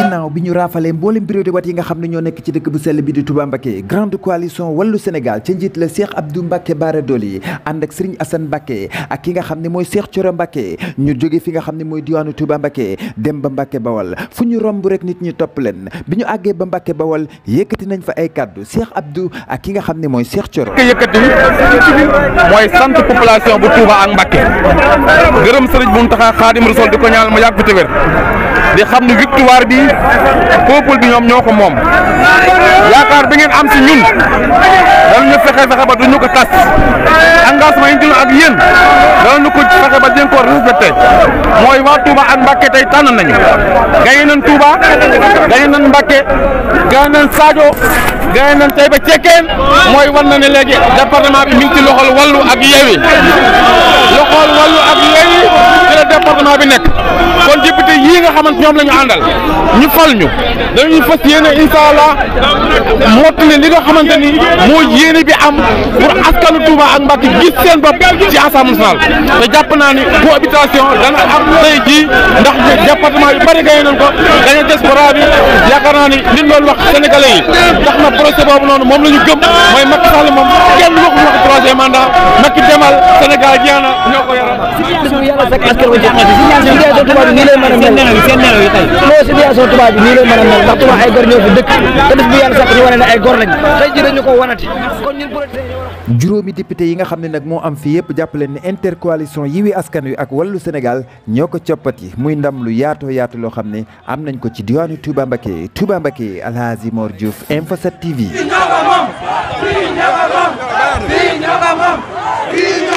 ginnaaw bi ñu raafalee mboolem bureau wat yi nga xam ne ñoo nekk ci dëkk bu sell bi di Touba Mbacké grande coalition wallu Sénégal ca njiit la Cheikh Abdou Mbacké Bara Dolly ànd ak Serigne Assane Mbacké ak ki nga xam ne mooy Cheikh Thioro Mbacké ñu jóge fi nga xam ne mooy diwaanu Touba Mbacké dem ba Mbacké Bawal fu ñu romb rek nit ñi topp leen bi ñu àggee ba Mbacké Bawal yëkkati nañ fa ay kaddu Cheikh Abdou ak ki nga xam ni mooy seex Thioro yëkkati mooy sant population bu Touba ak di xam ne victoire bi peuple bi ñoom ñoo ko moom yaakaar bi ngeen am si ñun danañu fexe fexe ba duñu ko tas engagement yi ñu jëloon ak yéen danañu ko fexe ba di ko respecté mooy waa Touba ak Mbacké tey tànn nañu gaye nañ Touba gaye nañ Mbacké gaye nañ Sadio tey ba cekkeen mooy war na ne léegi département bi mi loxol Wallu ak Yewwi xamante ñoom la ñu àndal ñu fal ñu dañuy fas yéene incha allah mottali li nga xamante ni moo yéene bi am pour askanu Touba ak Mbacke gis seen bopp ci assemblée nationale te jàpp naa ni cohabitation dana am tey jii ndax département yu bëri gaye nañ ko dañu diaspora bi yaakaar naa ni liñ doon wax sénégalais yi tax na projet boobu noonu moom la ñu gëm mooy Macky Sall moom kenn waxu mandat Macky demal Sénégal jeex na ñoo ko yaral. situation yàlla fekk askan wi jeex na situation tubaab bi nii lay mën a mel. seen nelaw yi tey. non situation nii lay mën mel ndax tubaab ay gor ñoo fi dëkk te def bu yàlla sax ñu wane ne ay gor lañ tey juróomi député yi nga xam ne nag moo am fii yëpp jàpp ni ne intercoalition Yewwi Askan Wi ak Wallu Sénégal ñoo ko yi muy ndam lu yaatoo yaatu loo xam ne am nañ ko ci diwaanu Touba Mbacké Touba Mbacké Alhaji Mor fii ñoo ko moom fii ñoo ko moom